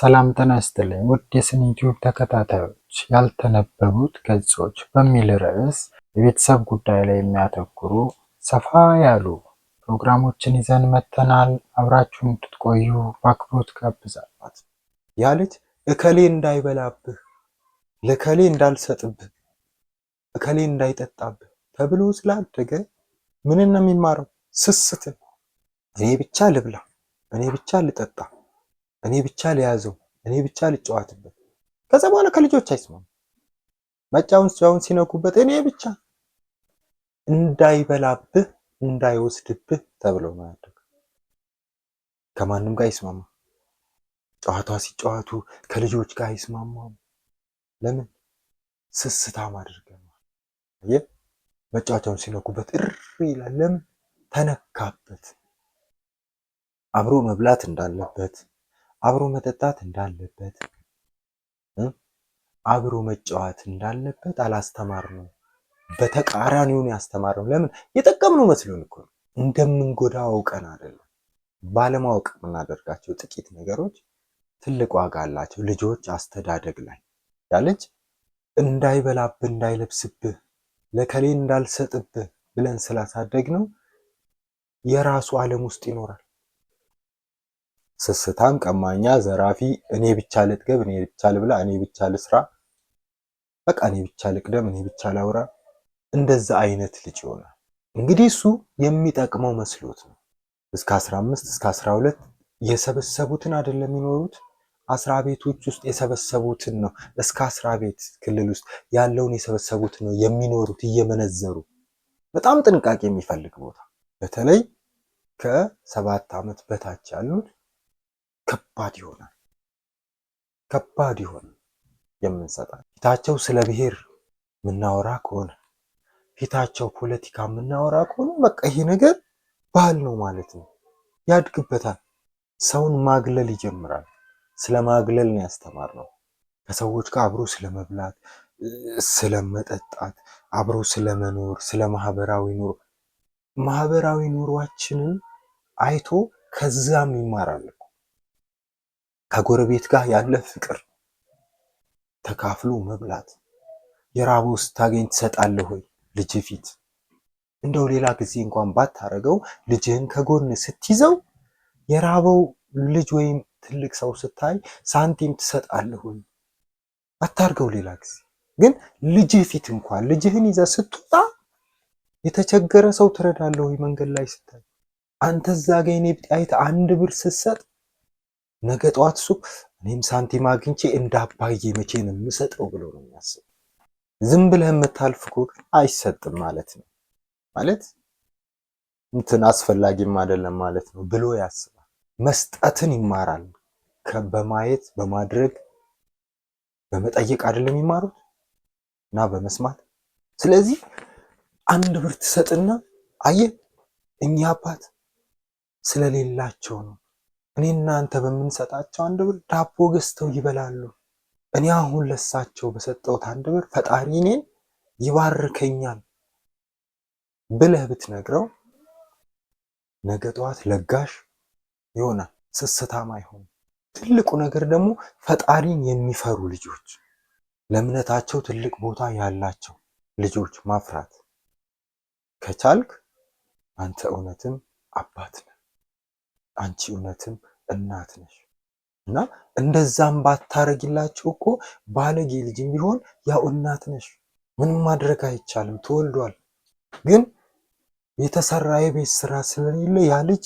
ሰላም ጤና ይስጥልኝ ውድ የስኒ ቲዩብ ተከታታዮች፣ ያልተነበቡት ገጾች በሚል ርዕስ የቤተሰብ ጉዳይ ላይ የሚያተኩሩ ሰፋ ያሉ ፕሮግራሞችን ይዘን መጥተናል። አብራችሁን እንድትቆዩ በአክብሮት ጋብዛለሁ። ያ ልጅ እከሌ እንዳይበላብህ፣ ለከሌ እንዳልሰጥብህ፣ እከሌ እንዳይጠጣብህ ተብሎ ስላደገ ምንን ነው የሚማረው? ስስትን። እኔ ብቻ ልብላ፣ እኔ ብቻ ልጠጣ እኔ ብቻ ልያዘው፣ እኔ ብቻ ልጫወትበት። ከዛ በኋላ ከልጆች አይስማም። መጫውን ሲያውን ሲነኩበት እኔ ብቻ እንዳይበላብህ እንዳይወስድብህ ተብሎ ነው ከማንም ጋር አይስማማ። ጨዋታ ሲጫወቱ ከልጆች ጋር አይስማማም። ለምን ስስታም አድርገን መጫወቻውን ሲነኩበት እር ይላል። ለምን ተነካበት። አብሮ መብላት እንዳለበት አብሮ መጠጣት እንዳለበት አብሮ መጫወት እንዳለበት ነው። በተቃራኒውን ያስተማርነው። ለምን የጠቀምነው መስሎን እኮ እንደምንጎዳ አውቀን አይደለም። ባለማወቅ የምናደርጋቸው ጥቂት ነገሮች ትልቅ ዋጋ አላቸው። ልጆች አስተዳደግ ላይ ያለች እንዳይበላብህ፣ እንዳይለብስብህ፣ ለከሌን እንዳልሰጥብህ ብለን ስላሳደግ ነው የራሱ ዓለም ውስጥ ይኖራል። ስስታም፣ ቀማኛ፣ ዘራፊ፣ እኔ ብቻ ልጥገብ፣ እኔ ብቻ ልብላ፣ እኔ ብቻ ልስራ፣ በቃ እኔ ብቻ ልቅደም፣ እኔ ብቻ ላውራ፣ እንደዛ አይነት ልጅ ይሆናል። እንግዲህ እሱ የሚጠቅመው መስሎት ነው። እስከ 15 እስከ 12 የሰበሰቡትን አይደለም የሚኖሩት አስራ ቤቶች ውስጥ የሰበሰቡትን ነው። እስከ አስራ ቤት ክልል ውስጥ ያለውን የሰበሰቡት ነው የሚኖሩት እየመነዘሩ። በጣም ጥንቃቄ የሚፈልግ ቦታ፣ በተለይ ከሰባት ዓመት በታች ያሉት ከባድ ይሆናል። ከባድ ይሆን የምንሰጣ ፊታቸው ስለ ብሔር የምናወራ ከሆነ ፊታቸው ፖለቲካ የምናወራ ከሆነ በቃ ይሄ ነገር ባህል ነው ማለት ነው። ያድግበታል። ሰውን ማግለል ይጀምራል። ስለ ማግለል ነው ያስተማር ነው። ከሰዎች ጋር አብሮ ስለ መብላት፣ ስለ መጠጣት፣ አብሮ ስለ መኖር፣ ስለ ማህበራዊ ኑሮ ማህበራዊ ኑሯችንን አይቶ ከዛም ይማራል። ከጎረቤት ጋር ያለ ፍቅር ተካፍሎ መብላት የራበው ስታገኝ ትሰጣለህ ወይ ልጅ ፊት እንደው ሌላ ጊዜ እንኳን ባታረገው ልጅህን ከጎን ስትይዘው የራበው ልጅ ወይም ትልቅ ሰው ስታይ ሳንቲም ትሰጣለህ ወይ? አታርገው። ሌላ ጊዜ ግን ልጅህ ፊት እንኳን ልጅህን ይዘህ ስትወጣ የተቸገረ ሰው ትረዳለህ ወይ? መንገድ ላይ ስታይ አንተ እዛ ጋር ብጤ አይተህ አንድ ብር ስትሰጥ ነገ ጠዋት እሱ እኔም ሳንቲም አግኝቼ እንደ አባዬ መቼ ነው የምሰጠው ብሎ ነው የሚያስብ። ዝም ብለህ የምታልፍ እኮ አይሰጥም ማለት ነው ማለት እንትን አስፈላጊም አይደለም ማለት ነው ብሎ ያስባል። መስጠትን ይማራል በማየት በማድረግ በመጠየቅ አይደለም የሚማሩት እና በመስማት ስለዚህ አንድ ብር ትሰጥና አየህ እኛ አባት ስለሌላቸው ነው እኔ እናንተ በምንሰጣቸው አንድ ብር ዳቦ ገዝተው ይበላሉ። እኔ አሁን ለሳቸው በሰጠሁት አንድ ብር ፈጣሪ እኔን ይባርከኛል ብለህ ብትነግረው ነገ ጠዋት ለጋሽ ይሆናል፣ ስስታም አይሆንም። ትልቁ ነገር ደግሞ ፈጣሪን የሚፈሩ ልጆች፣ ለእምነታቸው ትልቅ ቦታ ያላቸው ልጆች ማፍራት ከቻልክ አንተ እውነትም አባት አንቺ እውነትም እናት ነሽ እና እንደዛም ባታረጊላቸው እኮ ባለጌ ልጅም ቢሆን ያው እናት ነሽ። ምንም ማድረግ አይቻልም፣ ተወልዷል። ግን የተሰራ የቤት ስራ ስለሌለ ያ ልጅ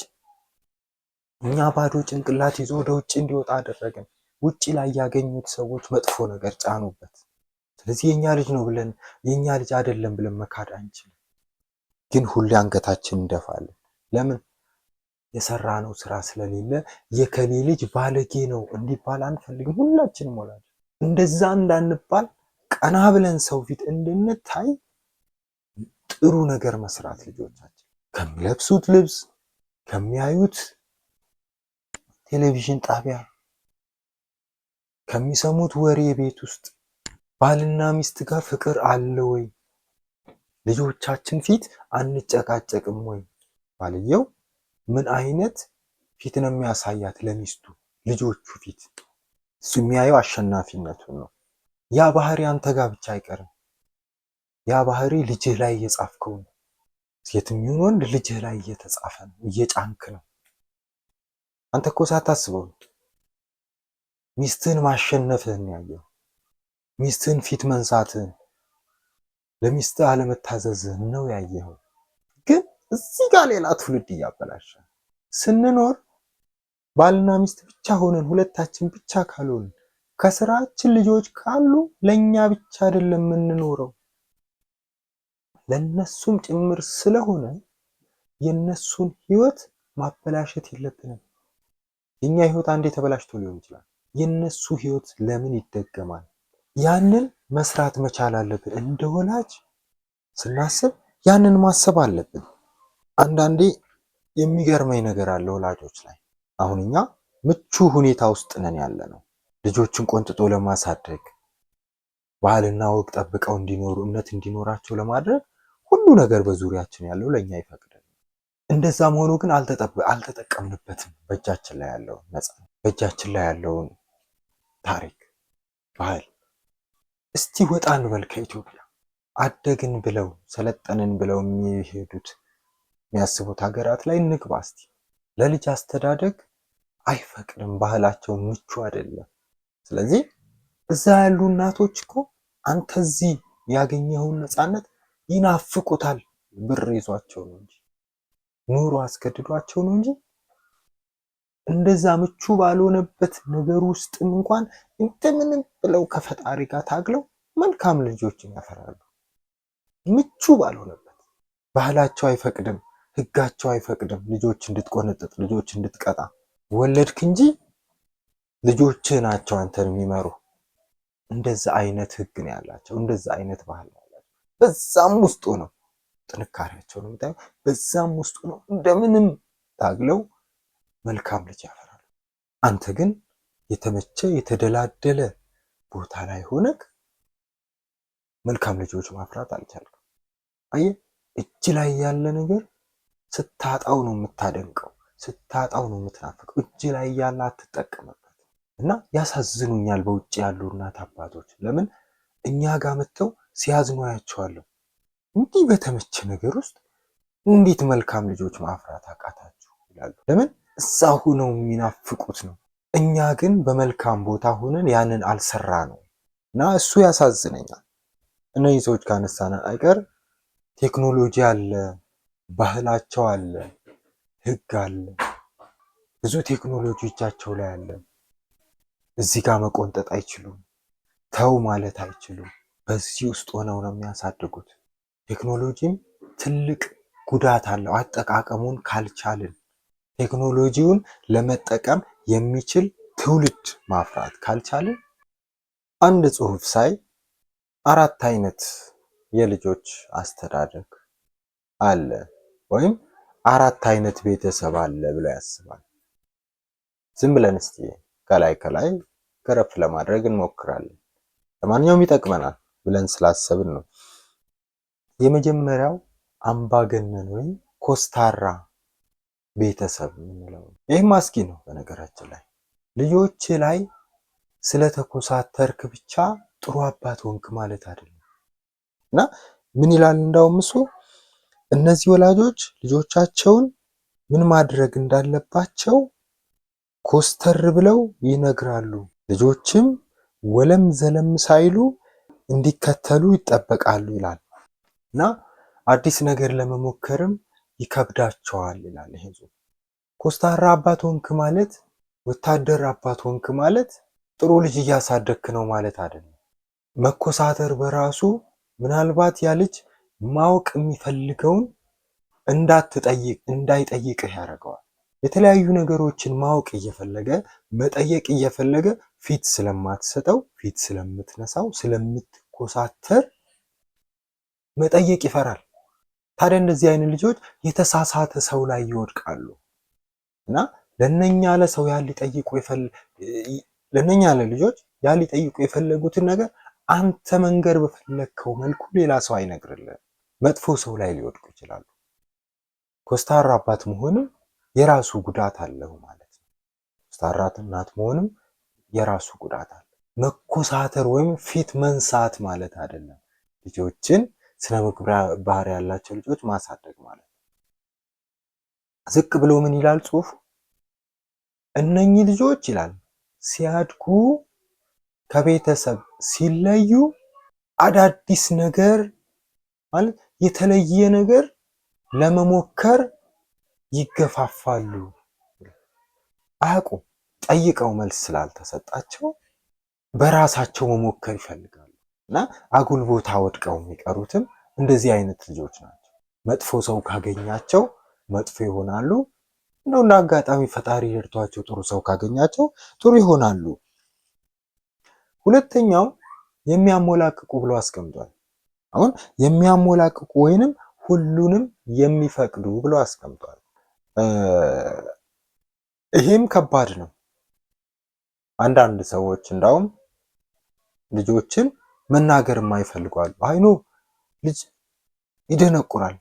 እኛ ባዶ ጭንቅላት ይዞ ወደ ውጭ እንዲወጣ አደረግን። ውጭ ላይ ያገኙት ሰዎች መጥፎ ነገር ጫኑበት። ስለዚህ የኛ ልጅ ነው ብለን የኛ ልጅ አይደለም ብለን መካድ አንችልም። ግን ሁሌ አንገታችን እንደፋለን። ለምን የሰራ ነው ስራ ስለሌለ የከሌ ልጅ ባለጌ ነው እንዲባል አንፈልግም። ሁላችንም ወላጆች እንደዛ እንዳንባል ቀና ብለን ሰው ፊት እንድንታይ ጥሩ ነገር መስራት ልጆቻችን ከሚለብሱት ልብስ ከሚያዩት ቴሌቪዥን ጣቢያ ከሚሰሙት ወሬ ቤት ውስጥ ባልና ሚስት ጋር ፍቅር አለ ወይ? ልጆቻችን ፊት አንጨቃጨቅም ወይ? ባልየው ምን አይነት ፊት ነው የሚያሳያት ለሚስቱ ልጆቹ ፊት? እሱ የሚያየው አሸናፊነቱን ነው። ያ ባህሪ አንተ ጋር ብቻ አይቀርም። ያ ባህሪ ልጅህ ላይ እየጻፍከው ነው። ሴትም ይሁን ወንድ ልጅህ ላይ እየተጻፈ ነው፣ እየጫንክ ነው። አንተ እኮ ሳታስበው ሚስትህን ማሸነፍህን ያየው፣ ሚስትህን ፊት መንሳትህን፣ ለሚስትህ አለመታዘዝህን ነው ያየኸው ግን እዚህ ጋር ሌላ ትውልድ እያበላሸ ስንኖር ባልና ሚስት ብቻ ሆነን ሁለታችን ብቻ ካልሆን ከስራችን ልጆች ካሉ ለኛ ብቻ አይደለም የምንኖረው ለነሱም ጭምር ስለሆነ የነሱን ህይወት ማበላሸት የለብንም። የኛ ህይወት አንዴ ተበላሽቶ ሊሆን ይችላል። የነሱ ህይወት ለምን ይደገማል? ያንን መስራት መቻል አለብን። እንደ ወላጅ ስናስብ ያንን ማሰብ አለብን። አንዳንዴ የሚገርመኝ ነገር አለ ወላጆች ላይ። አሁን እኛ ምቹ ሁኔታ ውስጥ ነን ያለ ነው ልጆችን ቆንጥጦ ለማሳደግ ባህልና ወግ ጠብቀው እንዲኖሩ እምነት እንዲኖራቸው ለማድረግ ሁሉ ነገር በዙሪያችን ያለው ለእኛ ይፈቅዳል። እንደዛም ሆኖ ግን አልተጠቀምንበትም። በእጃችን ላይ ያለውን ነጻ በእጃችን ላይ ያለውን ታሪክ፣ ባህል እስቲ ወጣን እንበል ከኢትዮጵያ። አደግን ብለው ሰለጠንን ብለው የሚሄዱት የሚያስቡት ሀገራት ላይ እንግባ እስቲ። ለልጅ አስተዳደግ አይፈቅድም፣ ባህላቸው ምቹ አይደለም። ስለዚህ እዛ ያሉ እናቶች እኮ አንተ እዚህ ያገኘኸውን ነፃነት ይናፍቁታል። ብር ይዟቸው ነው እንጂ ኑሮ አስገድዷቸው ነው እንጂ እንደዛ ምቹ ባልሆነበት ነገር ውስጥም እንኳን እንደምንም ብለው ከፈጣሪ ጋር ታግለው መልካም ልጆችን ያፈራሉ። ምቹ ባልሆነበት ባህላቸው አይፈቅድም ህጋቸው አይፈቅድም። ልጆች እንድትቆነጥጥ ልጆች እንድትቀጣ ወለድክ እንጂ ልጆችህ ናቸው አንተን የሚመሩ። እንደዛ አይነት ህግ ነው ያላቸው፣ እንደዛ አይነት ባህል ነው ያላቸው። በዛም ውስጡ ነው ጥንካሬያቸው ነው የምታየው። በዛም ውስጡ ነው እንደምንም ታግለው መልካም ልጅ ያፈራሉ። አንተ ግን የተመቸ የተደላደለ ቦታ ላይ ሆነክ መልካም ልጆች ማፍራት አልቻልክም። አየህ እጅ ላይ ያለ ነገር ስታጣው ነው የምታደንቀው፣ ስታጣው ነው የምትናፍቀው። እጅ ላይ ያላ አትጠቀምበት እና ያሳዝኑኛል። በውጭ ያሉ እናት አባቶች ለምን እኛ ጋር መጥተው ሲያዝኑ አያቸዋለሁ። እንዲህ በተመቸ ነገር ውስጥ እንዴት መልካም ልጆች ማፍራት አቃታችሁ ይላሉ። ለምን እዛ ሁነው የሚናፍቁት ነው። እኛ ግን በመልካም ቦታ ሆነን ያንን አልሰራ ነው እና እሱ ያሳዝነኛል። እነዚህ ሰዎች ካነሳን አይቀር ቴክኖሎጂ አለ ባህላቸው አለ፣ ህግ አለ፣ ብዙ ቴክኖሎጂዎቻቸው ላይ አለ። እዚህ ጋር መቆንጠጥ አይችሉም፣ ተው ማለት አይችሉም። በዚህ ውስጥ ሆነው ነው የሚያሳድጉት። ቴክኖሎጂም ትልቅ ጉዳት አለው አጠቃቀሙን ካልቻልን። ቴክኖሎጂውን ለመጠቀም የሚችል ትውልድ ማፍራት ካልቻልን አንድ ጽሁፍ ሳይ አራት አይነት የልጆች አስተዳደግ አለ። ወይም አራት አይነት ቤተሰብ አለ ብሎ ያስባል። ዝም ብለን እስቲ ከላይ ከላይ ገረፍ ለማድረግ እንሞክራለን። ለማንኛውም ይጠቅመናል ብለን ስላሰብን ነው። የመጀመሪያው አምባገነን ወይም ኮስታራ ቤተሰብ የምንለው ይህም አስጊ ነው። በነገራችን ላይ ልጆች ላይ ስለተኮሳተርክ ብቻ ጥሩ አባት ወንክ ማለት አይደለም እና ምን ይላል እንዳውም እሱ እነዚህ ወላጆች ልጆቻቸውን ምን ማድረግ እንዳለባቸው ኮስተር ብለው ይነግራሉ። ልጆችም ወለም ዘለም ሳይሉ እንዲከተሉ ይጠበቃሉ ይላል እና አዲስ ነገር ለመሞከርም ይከብዳቸዋል ይላል። ይሄ ኮስታራ አባት ሆንክ ማለት ወታደር አባት ሆንክ ማለት ጥሩ ልጅ እያሳደግክ ነው ማለት አይደለም። መኮሳተር በራሱ ምናልባት ያ ልጅ ማወቅ የሚፈልገውን እንዳትጠይቅ እንዳይጠይቅህ ያደርገዋል። የተለያዩ ነገሮችን ማወቅ እየፈለገ መጠየቅ እየፈለገ ፊት ስለማትሰጠው ፊት ስለምትነሳው ስለምትኮሳተር መጠየቅ ይፈራል። ታዲያ እንደዚህ አይነት ልጆች የተሳሳተ ሰው ላይ ይወድቃሉ እና ለነኛ ያለ ያ ሊጠይቁ ለነኛ ለልጆች ልጆች ያ ሊጠይቁ የፈለጉትን ነገር አንተ መንገር በፈለግከው መልኩ ሌላ ሰው አይነግርልን። መጥፎ ሰው ላይ ሊወድቁ ይችላሉ። ኮስታራ አባት መሆንም የራሱ ጉዳት አለው ማለት ነው። ኮስታራ እናት መሆንም የራሱ ጉዳት አለ። መኮሳተር ወይም ፊት መንሳት ማለት አይደለም። ልጆችን ስነ ምግባር ባህሪ ያላቸው ልጆች ማሳደግ ማለት ነው። ዝቅ ብሎ ምን ይላል ጽሁፉ እነኚህ ልጆች ይላል ሲያድጉ ከቤተሰብ ሲለዩ አዳዲስ ነገር ማለት የተለየ ነገር ለመሞከር ይገፋፋሉ። አያውቁም። ጠይቀው መልስ ስላልተሰጣቸው በራሳቸው መሞከር ይፈልጋሉ እና አጉል ቦታ ወድቀው የሚቀሩትም እንደዚህ አይነት ልጆች ናቸው። መጥፎ ሰው ካገኛቸው መጥፎ ይሆናሉ። እንደው እንደ አጋጣሚ ፈጣሪ ረድቷቸው ጥሩ ሰው ካገኛቸው ጥሩ ይሆናሉ። ሁለተኛው የሚያሞላቅቁ ብሎ አስቀምጧል። አሁን የሚያሞላቅቁ ወይንም ሁሉንም የሚፈቅዱ ብሎ አስቀምጧል። ይሄም ከባድ ነው። አንዳንድ ሰዎች እንዳውም ልጆችን መናገር የማይፈልጓል። አይኖ ልጅ ይደነቁራል፣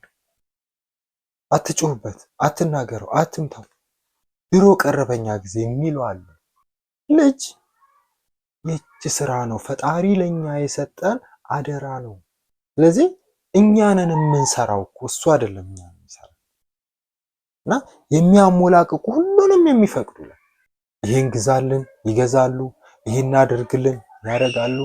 አትጩሁበት አትናገረው፣ አትምታው፣ ድሮ ቀረበኛ ጊዜ የሚሉ አሉ። ልጅ የእጅ ስራ ነው። ፈጣሪ ለኛ የሰጠን አደራ ነው። ስለዚህ እኛንን የምንሰራው እኮ እሱ አይደለም እኛ የምንሰራው እና የሚያሞላቅቁ ሁሉንም የሚፈቅዱልን ይሄን ግዛልን ይገዛሉ፣ ይሄን አድርግልን ያደርጋሉ።